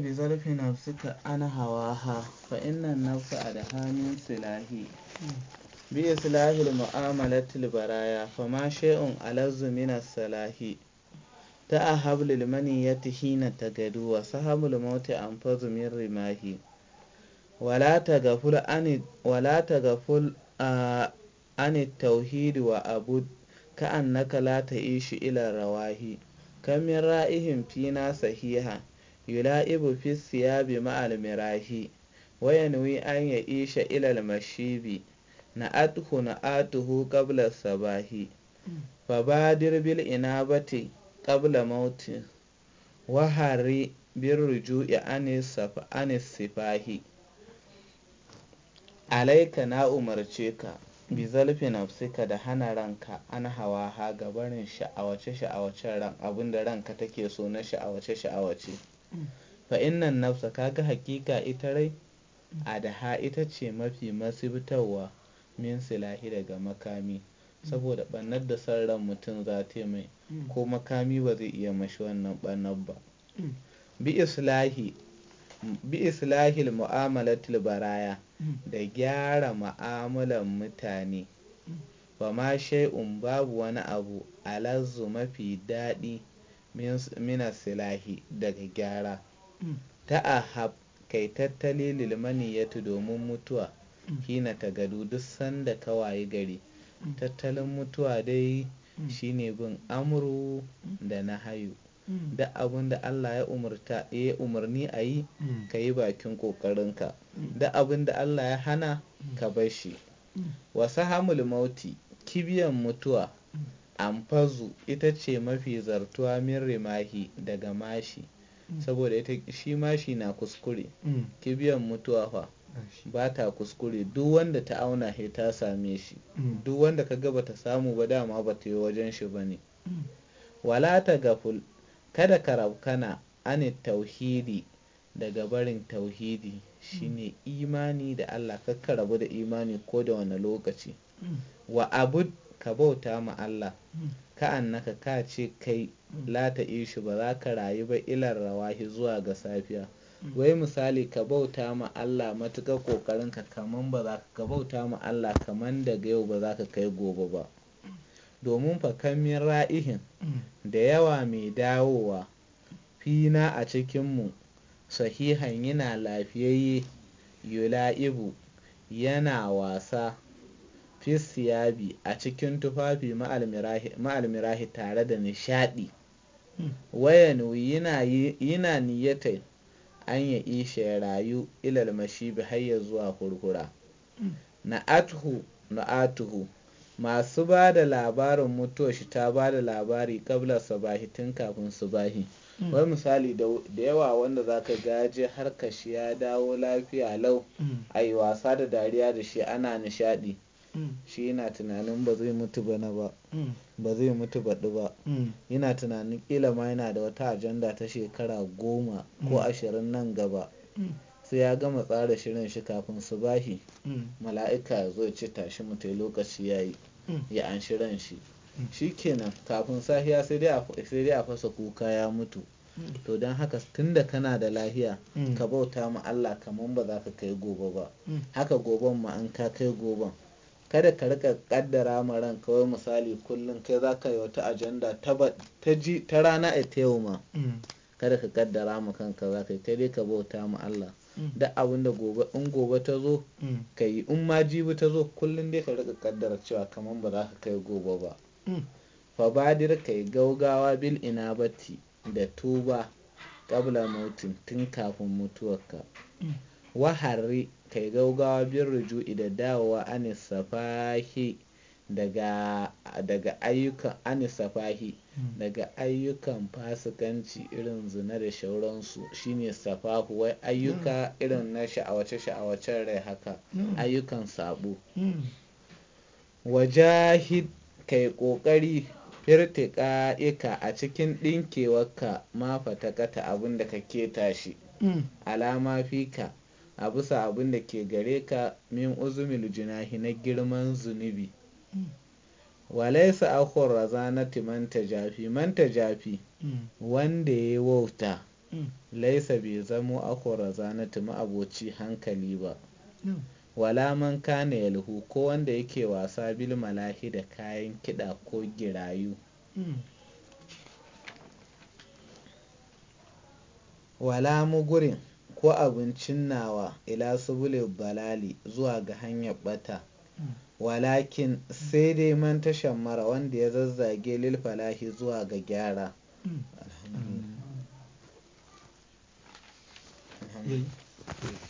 bi zarafi na suka ana hawa ha fa inna nafsa a da hannun silahi bi ya silahi da mu'amalar tilbaraya fa ma shi'un salahi ta a hablu ya ta hina ta gadu wa sahabu limauti an fazu min rimahi wala ta gaful ani tauhidu wa abu ka annaka la ta ishi ila rawahi kamar ra'ihin fina sahiha yula'ibu fi siyabi ma'al mirahi wa yanwi an ya isha ilal mashibi na atuhu na atuhu qabla sabahi fa badir bil inabati qabla mauti wa hari bir ruju'i anis alaika na umarce ka bi zalfi nafsika da hana ranka an hawa ha gabarin sha'awace sha'awacen ran abinda ranka take so na sha'awace sha'awace fa innan nafsa kaga hakika ita rai a daha ita ce mafi masibtawa min silahi daga makami saboda bannar da san ran mutum za ta mai ko makami ba zai iya mashi wannan bannar ba bi islahi bi islahil mu'amalatul baraya da gyara mu'amalan mutane ba ma shay'un babu wani abu alazzu mafi daɗi mina silahi daga gyara mm. ta ahab kai tattali lilmaniyatu domin mutuwa mm. na ta gadu duk sanda ka wayi gari mm. tattalin mutuwa dai shine bin amuru da na hayu da abin da Allah ya umarta ya umarni a yi ka yi bakin ƙoƙarinka da abin da Allah ya hana ka bashi. wasu hamul mauti kibiyan mutuwa Amfazu ita ce mafi zartuwa min rimahi daga mashi, mm. saboda ita shi mashi na kuskure, mm. kibiyan mutuwa fa ba ta kuskure, duk wanda ta auna he ta same shi, mm. duk wanda ka ga ta samu ba dama ba ta yi wajen shi ba ne. Wala ta gaful, kada ka rabkana ani tauhidi daga barin tauhidi shine imani da Allah, kakka rabu da imani ko da wane lokaci. Wa abud ka bauta ma Allah hmm. ka annaka ka ce kai hmm. la ta ishi ba za ka rayu ba ilar rawahi zuwa ga safiya hmm. wai misali ka bauta ma Allah matuƙar ƙoƙarin ka kaman ba za ka bauta ma Allah kaman daga yau ba za ka kai gobe ba domin fakamin ra'ihin da yawa mai dawowa fina a cikinmu sahihan yana lafiyayye yula'ibu yana wasa fi siyabi a cikin tufafi ma'almirahi tare da nishadi hmm. wayan yana niyyatai an ya ishe ya rayu ilal mashibi har ya zuwa kurkura hmm. na atuhu na atuhu masu ba da labarin mutuwa shi ta ba da labari kabla su sabahi tun kafin su subahi hmm. wai misali da yawa wanda za ka gaje har ka shi ya dawo lafiya lau a yi wasa da dariya da shi ana nishadi Mm. shi yana tunanin ba zai mutu bana ba mm. ba zai mutu baɗi ba yana mm. tunanin ƙila ma yana da wata ajanda ta shekara goma ko ashirin nan gaba sai ya gama tsara shirin shi kafin su bahi mala'ika ya zo ce tashi mutai lokaci ya yi ya an shirin shi shi kenan kafin safiya sai dai a fasa kuka ya mutu to don haka tun da kana da lahiya ka bauta ma Allah kamar ba za ka kai gobe ba haka goben ma an ka kai goben kada ka rika kaddara ma ran kawai misali kullum kai za ka yi wata ajanda ta rana a ta yau ma mm. kada ka kaddara ma kanka za ka yi ta ka bauta ma Allah mm. da abin da gobe in gobe ta zo mm. ka yi in ma jibi ta zo kullum dai ka rika kaddara cewa kamar ba za ka kai gobe ba fa badir ka yi gaugawa bil ina bati da tuba kabla mautin tun kafin mutuwarka harri kai gaugawa bin ruju'i da dawowa anis daga daga ayyukan anisafahi hmm. daga ayyukan fasikanci irin zina da shauransu shine safahu wai ayyuka hmm. irin na sha'awace sha'awacen rai haka hmm. ayyukan sabo wajahid kai kokari firtika ika a cikin ɗinkewarka mafata ƙata abin da ka keta shi alama fika a bisa abin da ke gare ka min uzumil jinahi na girman zunubi walaisa raza na man jafi manta jafi, wanda ya yi wauta laisa bai zamo raza na tuma aboci hankali ba wala man kane yalhu ko wanda yake wasa bil malahi da kayan kiɗa ko girayu wala mugurin ko abincin nawa ila subule balali zuwa ga hanyar bata walakin sai dai man tashan mara wanda ya zazzage lil zuwa ga gyara mm. Mm.